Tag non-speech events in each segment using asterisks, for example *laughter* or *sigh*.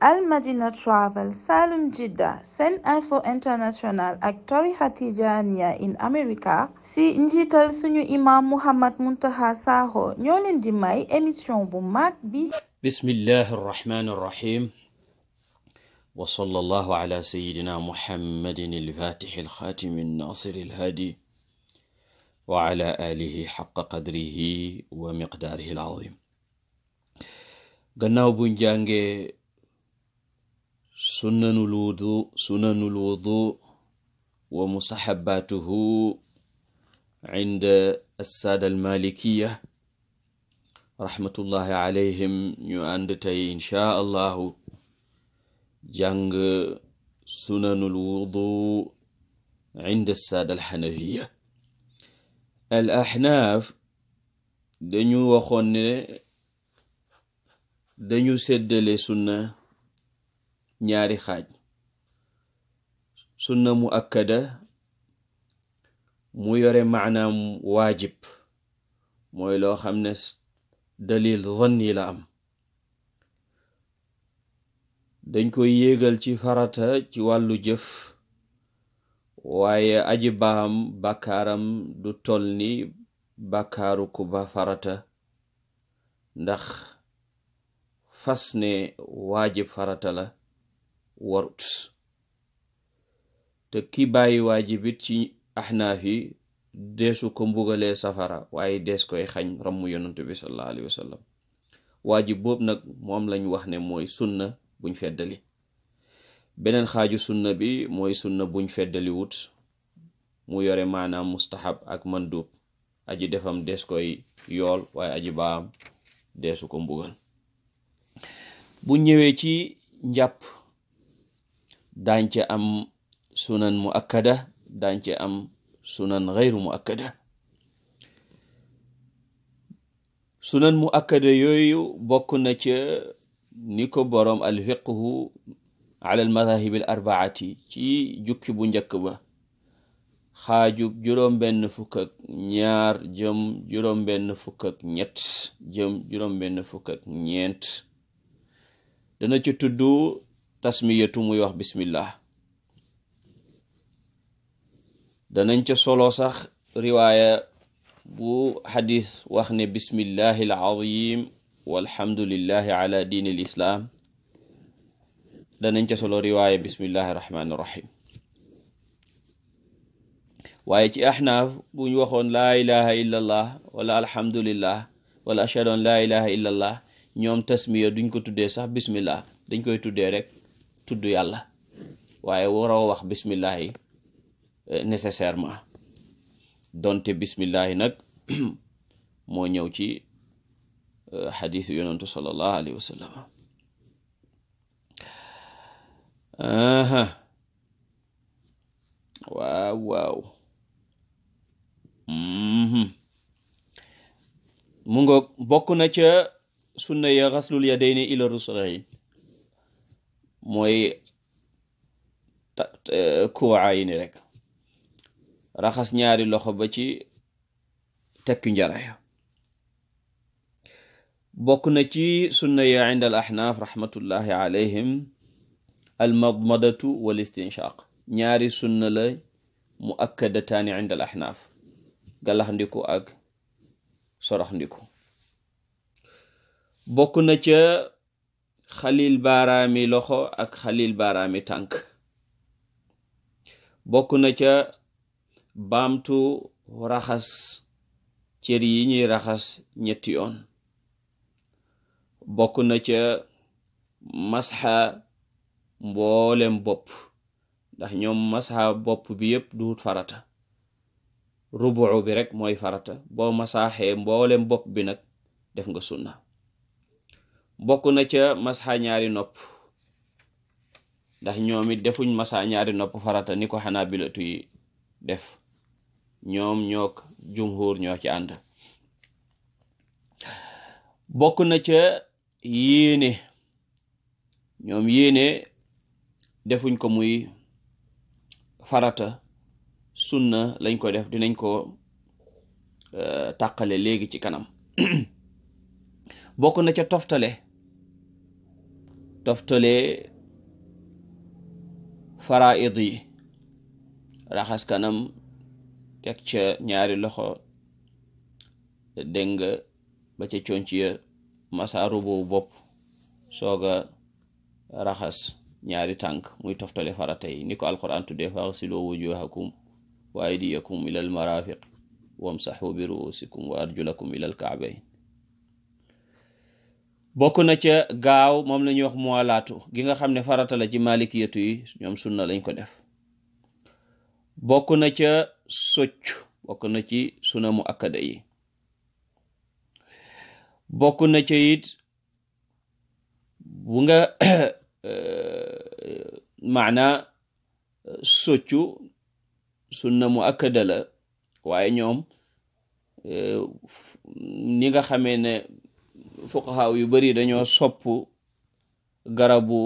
al madina travel salum jidda sen info international ak tijaniya in america si njiital suñu imam muhammad muntaha sakho ñoo may émission bu mag bi bismillahi arrahmani arrahim wa sallallahu ala sayidina muhammadin alfatixi alxaatimi annaasiri alhaadi wa ala alihi xaqa qadrihi wa miqdaarihi alazim gannaaw sunanul wudu sunanul wudu wa mustaxabaatuhu inda assaada almalikiya rahmatullahi alayhim ñu ànd tey inchaa allahu jàng sunanul wudu inda assaada alxanafiya al axnaaf dañu waxoon séddale sunna ñaari xaaj sunna mu akkada mu yore maanaam waajib mooy loo xam ne dalil vanni la am dañ koy yéegal ci farata ci wàllu jëf waaye aji baam bakkaram du toll ni bàkkaaru ku ba farata ndax fas ne waajib farata la warut te ki bàyyi waajib it ci ahnaaf yi deesu ko mbugalee safara waaye dees koy xañ ramm yonantu bi sallallahu alayhi waajib boobu nag moom lañ wax ne mooy sunna buñ feddali beneen xaaju sunna bi mooy sunna buñ feddali wut mu yore maanaam mustahab ak mandub aji defam des koy yool waaye aji baam deesu ko mbugal bu ñëwee ci njàpp daañ ci am sunan muakkada daañ ci am sunan xeyru muakkada sunan muakkada yooyu bokk na ca ni ko boroom alfiqhu ala almadahibi arbaati ci jukki bu njëkk ba xaajub juróom benn fukk ñaar jëm juróom benn fukk ñett jëm juróom benn fukk ñeent dana ci tudd tasmiyatu muy wax bismillah danañ ca solo sax riwaaya bu xadis wax ne bismillahi alazim walhamdulillahi ca solo riwaaya bismillahi rahmaani ci ahnaaf bu waxoon laa wala alhamdulillah wala ashhadu an laa ilaha ñoom tasmiya duñ ko tuddee sax bismillah dañ koy tuddee rek tudd yàlla waaye waroo wax bismillahi eh, nécessairement donte bismillahi nag *clears throat* moo ñëw ci eh, xadiisu sallallahu alayhi wa sallam waaw waaw mhm. sunna ya xaslul yadayni ila rusxayni mooy euh, kuwaa yi rek raxas ñaari loxo ba ci tekki njarayo bokk na ci sunna ya inda al rahmatullahi alayhim al madmadatu ñaari sunna la mu akkadataani inda al ndiku ak sorax ndiku bokk na xalil baaraami loxo ak xalil baaraami tànk bokk na ca baamtu raxas cër yi ñuy raxas ñetti yoon bokk na ca masxa mboolem bopp ndax ñoom masxa bopp bi yépp duut farata rubu bi rekk mooy farata boo masaaxee mboolem bopp bi nag def nga sunna bokk na ca masxa ñaari nopp ndax ñoom it defuñ masa ñaari nopp farata ni ko xanaa bilatu def ñoom ñook jumhur ñoo ci ànd bokk na ca yéene ñoom yéene defuñ ko muy farata sunna lañ ko def dinañ ko euh, tàqale léegi ci kanam *coughs* bokk na ca toftale toftalee faraid yi raxas kanam teg ca ñaari loxo dégg nga ba ca conc bopp sooga raxas ñaari tànk muy toftale farata yi ni ko alquran tuddee faxsilu wujuhakum wa aydiyakum ila almarafiq wamsaxu bi ruusikum wa arjulakum ila alkaabayn bokk na ca gaaw moom la ñuy wax muwalaatu gi nga xam ne farata la ci maalikiyatu yi ñoom sunna lañ ko def bokk na ca socc bokk na ci suna mu akkada yi bokk na ca it bu nga *coughs* eh, maana soccu sunna mu akkada la waaye ñoom eh, ni nga xamee ne fuqahaa yu bari dañoo sopp garabu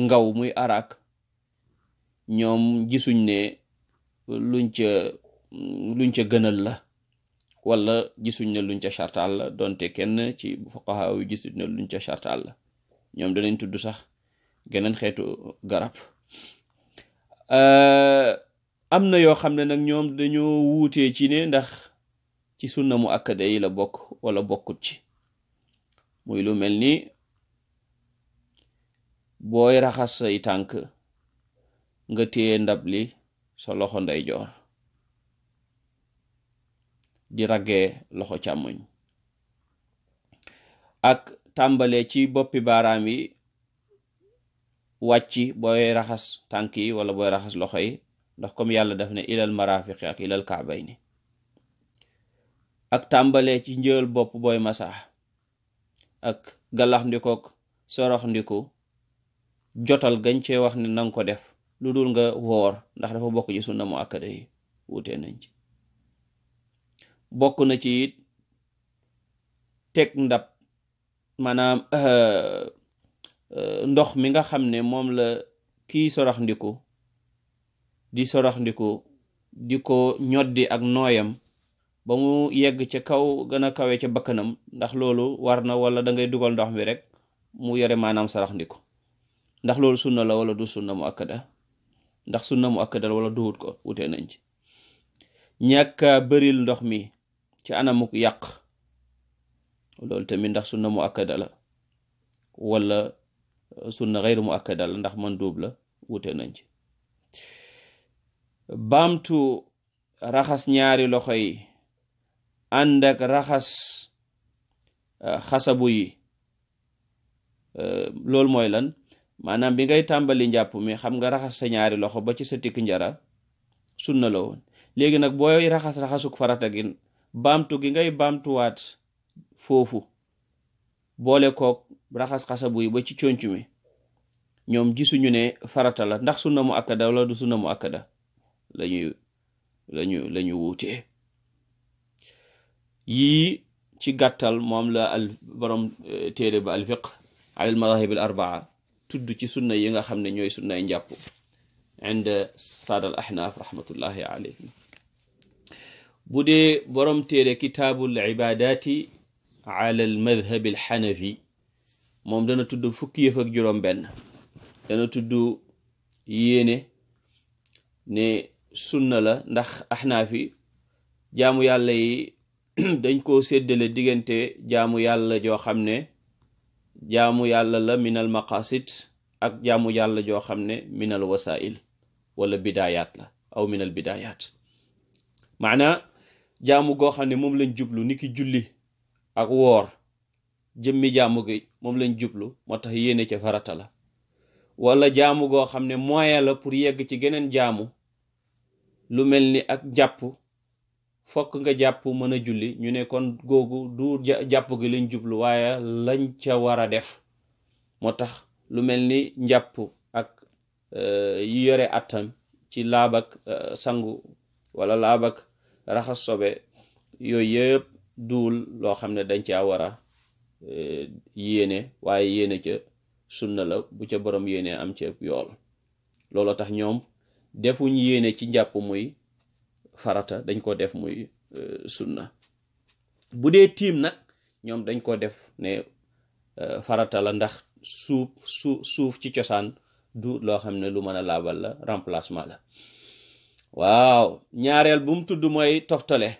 ngaw muy arak ñoom gisuñ ne luñ ca luñ ca gënal la wala gisuñ ne luñ ca chartaal donte kenn ci gisuñ ne luñ ca chartaal la ñoom danañ tudd sax geneen xeetu garab am na yoo xam ne nag ñoom dañoo wuutee ci ne ndax ci sunna mu akkada yi la bokk wala bokkut ci muy lu mel ni booy raxas say tànk nga téye ndab li soo loxo ndeyjoor di raggee loxo càmmoñ ak tàmbale ci boppi baaraam yi wàcci booy raxas tànk yi wala booy raxas loxo yi ndax comme yàlla def na ilal marafiqi ak ilal kaabayni ak tàmbalee ci njël bopp booy masaa ak galax ndikook jotal gañ cee wax ne nanga ko def lu dul nga woor ndax dafa bokku ci sunna mu akkada yi wutee nañ ci bokk na ci it teg ndab maanaam *laughs* eh, eh, ndox mi nga xam ne moom la kii sorax di sorax di ko ñoddi ak nooyam ba mu yegg ca kaw gën a kawe ca bakkanam ndax loolu war na wala da ngay dugal ndox mi rek mu yore maanaam sarax ndiko ndax loolu sunna la wala du sunna mu akkada ndax sunna mu akkada la wala duwut ko wutee nañ ci ñàkka bëril ndox mi ci anamuk yàq loolu tamit ndax sunna mu akkada wala euh, sunna xeyru mu akkada la ndax man duub la wutee nañ ci baamtu raxas ñaari loxo yi ànd raxas euh, xasabu yi euh, loolu mooy lan maanaam bi ngay tàmbali njàpp mi xam nga raxas sa ñaari loxo ba ci sa tikk njara sunna la woon léegi nag booy raxas-raxasuk farata gi baamtu gi ngay baamtuwaat foofu boole kook raxas xasabu yi ba ci conc mi ñoom gisuñu ne farata la ndax sunna mu akkada wala du sunna mu akkada lañuy wuutee yii ci gàttal moom la borom eh, téere ba al fiqh ala al madahib tudd ci sunna yi nga xam ne ñooy sunnay njàpp inda saad al ahnaaf rahmatullahi alayhim bu dee borom téere kitaabul ibadaati ala al madhab al xanafi moom dana tudd fukki yëf dana tudd yéene ne sunna la ndax ahnaaf yi jaamu yàlla yi *clears throat* dañ koo séddale diggante jaamu yàlla joo xam ne jaamu yàlla la minal maqasid ak jaamu yàlla joo xam ne minal wasail wala bidaayaat la aw minal bidaayaat maanaa jaamu goo xam ne moom lañ jublu niki julli ak woor jëmmi jaamu gi moom lañ jublu moo tax yéene ca farata la walla jaamu goo xam ne moyen la pour yegg ci geneen jaamu lu mel ni ak jàpp fokk nga jàpp mën a julli ñu ne kon googu du jàpp gi lañ jublu waaye lañ ca war a def moo tax lu mel ni njàpp ak euh, yi yore attan ci laabak euh, sangu wala laabak raxas sobe yooyu yëpp duul loo xam ne dañ caa war a euh, yéene waaye yéene ca sunna la bu ca borom yéene am ca yool looloo tax ñoom defuñ yéene ci njàpp muy farata dañ ko def muy euh, sunna bu dee tiim nag ñoom dañ ko def ne euh, farata la ndax suuf suuf suuf ci cosaan du loo xam ne lu mën a laabal la remplacement la waaw ñaareel bu mu tudd mooy toftale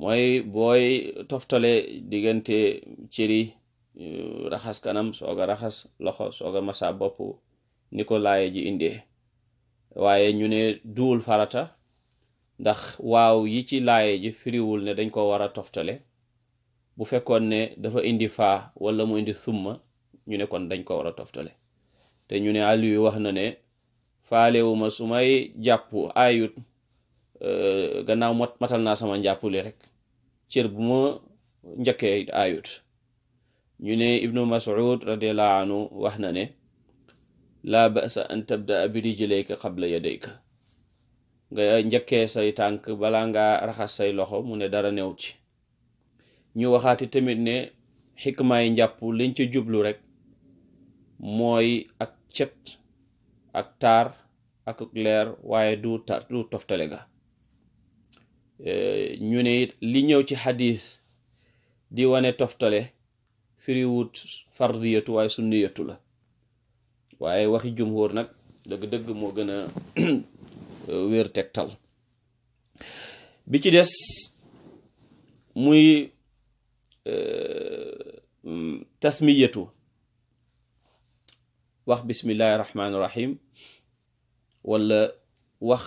mooy booy toftale diggante cëri euh, raxas kanam soog a raxas loxo soog a masa bopp ni ko indee waaye ñu duwul farata ndax waaw yi ci laay ji firiwul ne dañ ko war a toftale bu fekkoon ne dafa indi faa wala mu indi summa ñu ne kon dañ ko war a toftale te ñu ne àlli yu wax na ne faalewuma su may jàpp ayut euh, gannaaw matal naa sama njàppuli rek cër bu ma njëkkee ayut ñu ne ibnu mas'ud radiallahu anhu wax na ne laa sa an tabda bi rijlayka qabla yadayka nga eh, njëkkee say tànk balaa nga raxas say loxo mu ne dara new ci ñu waxaati tamit ne xikmaay njàpp lañ ci jublu rek mooy ak cet ak taar ak leer waaye du tar du toftale ga eh, ñu ne li ñëw ci xadis di wane toftale firiwut fardiyatu waaye sunniyatu la waaye waxi jumhur nag dëgg-dëgg moo gën *clears throat* wér tegtal bi ci des muy euh, tasmiyatu wax bismillahi rahmaani rahim wala wax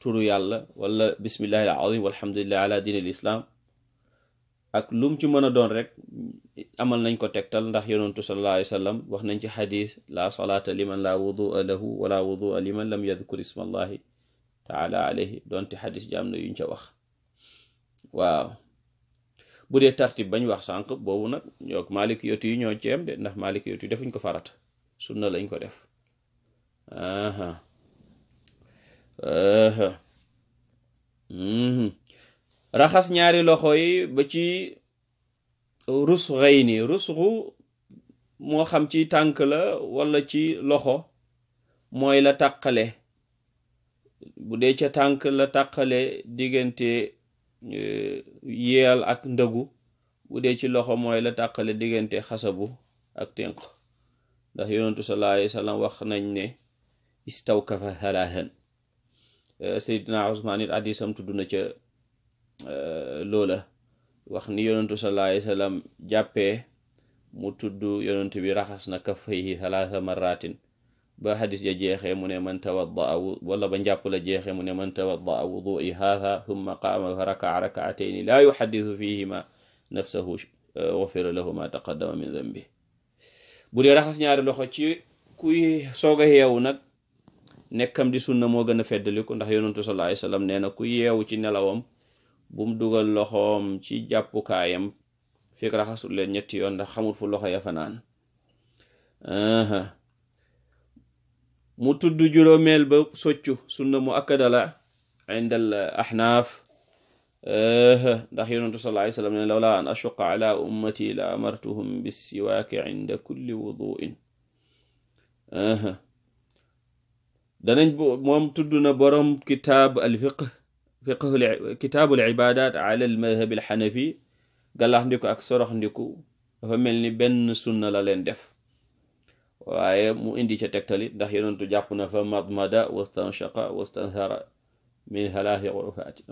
turu yàlla wala bismillahi al azim walhamdulillahi ala diin al islam ak lum ci mën a doon rek amal nañ ko tegtal ndax yonentu sallallahu alayhi wa sallam wax nañ ci xadis la salaata liman la wudua lahu wala wudua liman lam yadkur isma taala alayhi donte xadis ji am na yuñ ca wax waaw bu dee tartib bañ wax sànq boobu nag ñoog yootu yi ñoo ceem de ndax malik yootu yi defuñ ko farata sunna lañ ko def mhm. raxas ñaari loxo yi ba ci rusxey ni rusxu moo xam ci tànk la wala ci loxo mooy la takkale bu dee ca tànk la tàqale diggante e, yeel ak ndëgu bu dee ci loxo mooy la tàqale diggante xasabu ak tenq ndax yonentu sallallahu alayhi wa wax nañ ne istawkafa halahan e, Seydina Usmaan it addisam tudd na ca e, loola wax ni yonentu sallallahu alayhi wa sallam mu tudd yonentu bi raxas na kafayhi halaha marratin ba hadis ja jeexee mu ne man tawaddaa wala ba njàpp la jeexee mu ne man tawaddaa wudui haadha thumma qaama fa rakaa rakaatayni laa yuhaddisu fihima nafsahu gufira lahu ma taqaddama min dambi bu dee raxas ñaari loxo ci kuy soog a yeewu nag nekkam di sunna moo gën a feddaliku ndax yonentu sallallahu alayhi nee na ku yeewu ci nelawam bum dugal loxoom ci jàppukaayam fekk raxasul leen ñetti yoon ndax fu loxo yafanaan mu tudd juróomeel ba soccu sunna mu akkada la indal ahnaaf ndax yonentu sallallahu alayhi la amartuhum bisiwaaki inda kulli wuduin danañ moom tudd na borom kitaab alfiq fiq ak sorox dafa mel ni benn sunna la leen def waaye mu indi ca tegtalit ndax yonentu jàpp na fa madmada wastanshaqa wastanthara min halaahi ghurafatin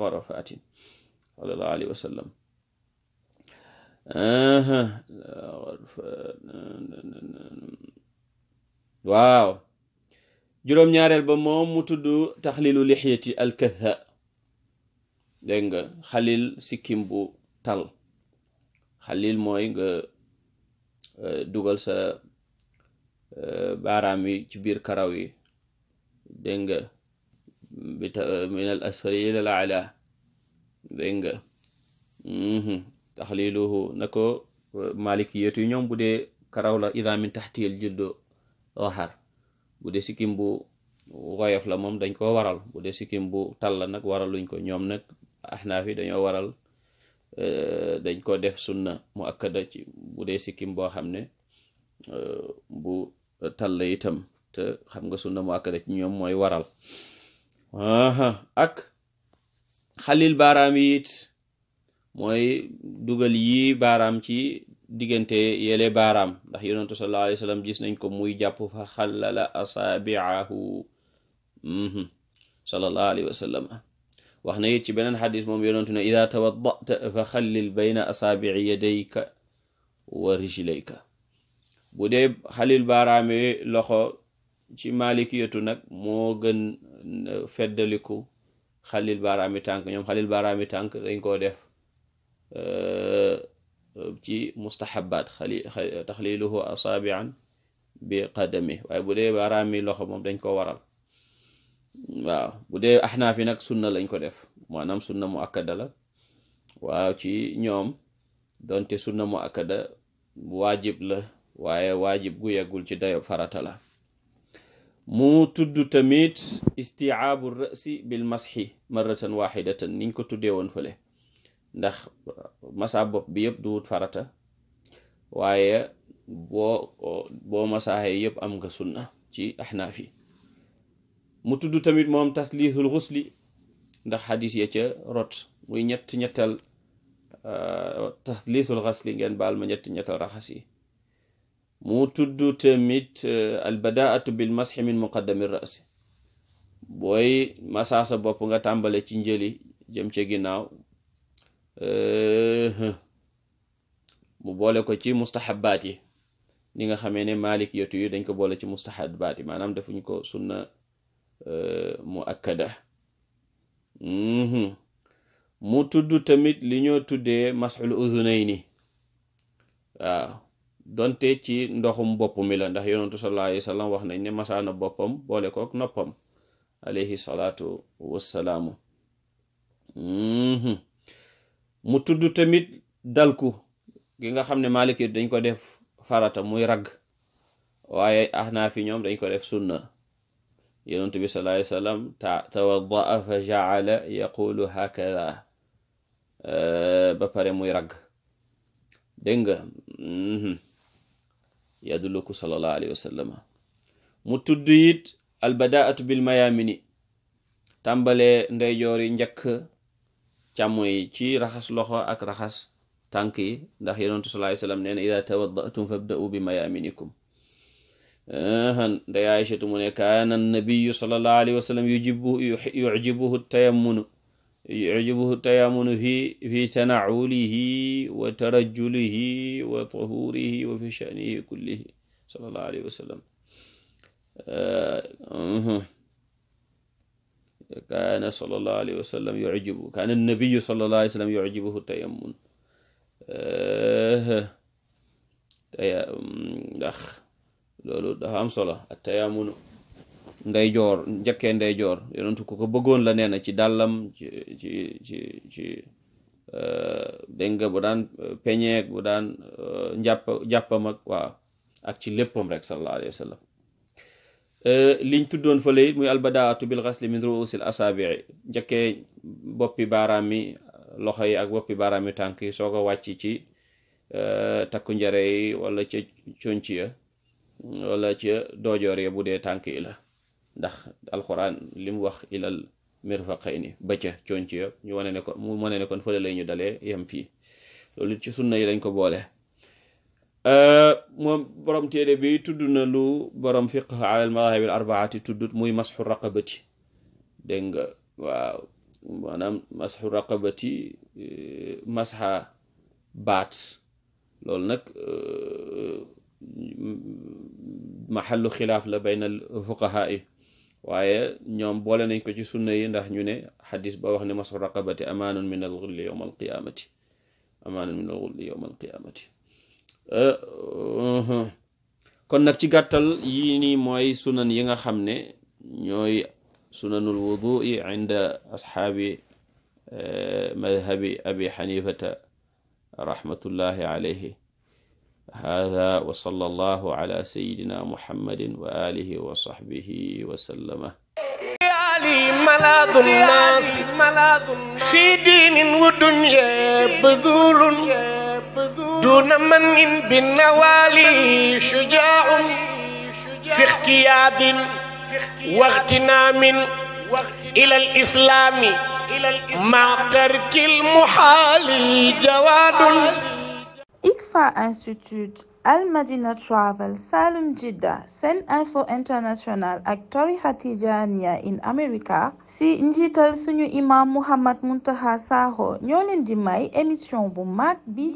ghurafatin sallallahu alayhi wa waaw juróom-ñaareel ba moom mu tudd taxlilu lixyati alkatha dégg nga xalil sikkim bu tal xalil mooy Eh, dugal sa eh, baaraam yi ci biir karaw yi dégg nga eh, min al asfali ila al ala dégg nga mhm. taxliluhu na malikiyatu ñoom bu dee karaw la ida min taxtiyal juddo waxar bu dee sikkim bu woyof la moom dañ ko waral bu dee sikkim bu tal la nag waraluñ ko ñoom nag axnaaf yi dañoo waral Euh, dañ ko def sunna mu akkada ci bu dee sikkim boo xam ne euh, bu tall itam te xam nga sunna mu akkada ci ñoom mooy waral ak xalil baaraam yit it mooy dugal yi baaraam ci diggante yele baaraam ndax yonentu sallallahu alayhi wa sallam gis nañ ko muy jàpp fa xallala asaabiahu mhm, sallallahu alayhi wa sallam wax na it ci beneen xadis moom yonentu ne ida tawaddata fa xallil bayna asaabici yadayka wa rijlayka bu dee xalil baaraame loxo ci maalikiyatu nag moo gën feddaliku xalil baaraami tànk ñoom xalil baaraami tànk dañ koo def euh, ci mustahabaat xali taxliluhu asaabian qadami waaye bu dee baaraami loxo moom dañ ko waral waaw bu dee axnaaf yi nag sunna lañ ko def maanaam sunna mu akkada la waaw ci ñoom donte sunna mu akkada waajib la waaye waajib gu yeggul ci dayo farata la mu tudd tamit istiaabu rasi bil masxi marratan waxidatan niñ ko tuddee woon fële ndax masa bopp bi yëpp farata waaye boo boo masaaxee yëpp am nga sunna ci axnaaf yi mu tudd tamit moom tasliisul xusli ndax xadis ya ca rot muy ñett ñettal euh, tasliisul xasli ngeen baal ma ñett ñettal raxas yi mu tudd tamit euh, albadaatu bil masxi min muqaddami rasi booy masaasa bopp nga tàmbale ci njëli jëm ca ginnaaw euh, mu boole ko ci mustahabaat yi ni nga xamee ne malik yotu yi dañ ko boole ci mustahabaat yi maanaam defuñ ko sunna Euh, mu akkada mhm. mu tudd tamit li ñoo tuddee masxul udunayni waaw donte ci ndoxum bopp mi ndax yonentu sallallahu alayhi wa wax nañ ne masaana boppam boole kook noppam alayhi salaatu wassalaamu mhm. mu tudd tamit dalku ki nga xam ne maalik dañ ko def farata muy ragg waaye ahnaaf yi ñoom dañ ko def sunna yonent bi sallallahu alayhi wa sallam fa jaala yaqulu hakada eh, ba pare muy ragg dégg nga mhm. yaduluku sallallahu alayhi wa sallam mu tudd it albadaatu bilmayaamini tàmbalee ndeyjoor yi njëkk càmmoñ yi ci raxas loxo ak raxas tànk yi ndax yonentu sallallahu alayhi wa sallam nee na ida tawadda'tum bi mayaaminikum nday Aysatu mu ne kaana nabiyu sallallahu alayhi wa sallam yujibu yujibuhu tayammunu yujibuhu tayammunu fi fi tanaulihi wa tarajulihi wa tahurihi wa fi shanihi kullihi sallallahu alayhi wa sallam ah, uh-huh. kaana sallallahu alayhi wa sallam yujibu kaana nabiyu sallallahu alayhi wa sallam yujibuhu tayammun ndax ah, uh-huh. um, loolu dafa am solo ak tayaamun ndeyjoor ndeyjoor yonentu ku ko bëggoon la nee na ci dàllam euh, dégg nga bu daan euh, peñeeg bu daan euh, njàpp jàppam ak waaw ak ci léppam rek sallallahu alayhi wa liñ tuddoon fa lay muy albadaatu bil xasli min ruusil asaabii njëkkee boppi baaraam mi loxo yi ak boppi baaraam mi tànk yi soo ko wàcc ci takku njare walla wala wala ca doojoor ya bu dee tànk yi la ndax alxuraan li mu wax ilal mirfaqayni ba ca cooñ ci ñu wane ne ko mu wane ne kon fële lay ñu dalee yem fii loolu ci sunna yi dañ ko boole euh, moom borom téere bi tudd na lu borom fiqh ala al madahib al arbaati tuddut muy masxu raqabati dégg nga waaw maanaam masxu raqabati euh, masxa baat loolu nag euh, maxallu xilaaf la bayna fuqahaa yi waaye ñoom boole nañ ko ci sunna yi ndax ñu ne xadis ba wax ne masu raqabati amaanun min al xulli yowma alqiyaamati al xulli euh, euh, kon nag ci gàttal yii nii mooy sunan yi nga xam ne ñooy sunanul wudui inda asxaabi euh, madhabi abi xanifata rahmatullahi alayhi hada wa sallallahu ala sayyidina muhammadin wa alihi wa sahbihi wa sallama ali maladu nas fi dinin wa dunya badhulun duna manin bin nawali shuja'un fi ikhtiyadin wa ightinamin ila al-islam ma tarkil muhali jawadun ICFA Institute Al Madina Travel Salum Jidda Sen Info International ak tarixa Tijaaniya in America si njiital suñu imam Mouhammad Muntaqa Sakho ñoo leen di may émission bu mag bi